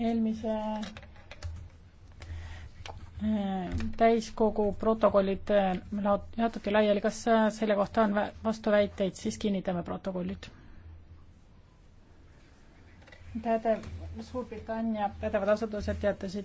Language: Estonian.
eelmise äh, täiskogu protokollid äh, jaotati laiali, kas äh, selle kohta on vastuväiteid, siis kinnitame protokollid. pädev, Suurbritannia pädevad asutused teatasid